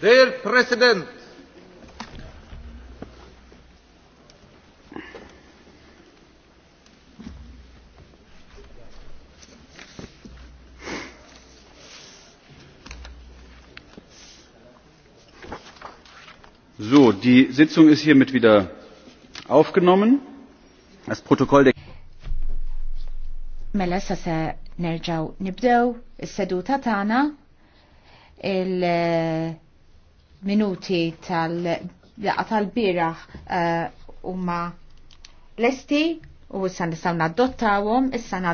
Dear President, So, die Sitzung ist hiermit wieder aufgenommen. Das Protokoll der Mela sa se nerġaw nibdew is-seduta tagħna il minuti tal-laqa tal-biraħ eh, huma l lesti u issa nistgħu naddottawhom, issa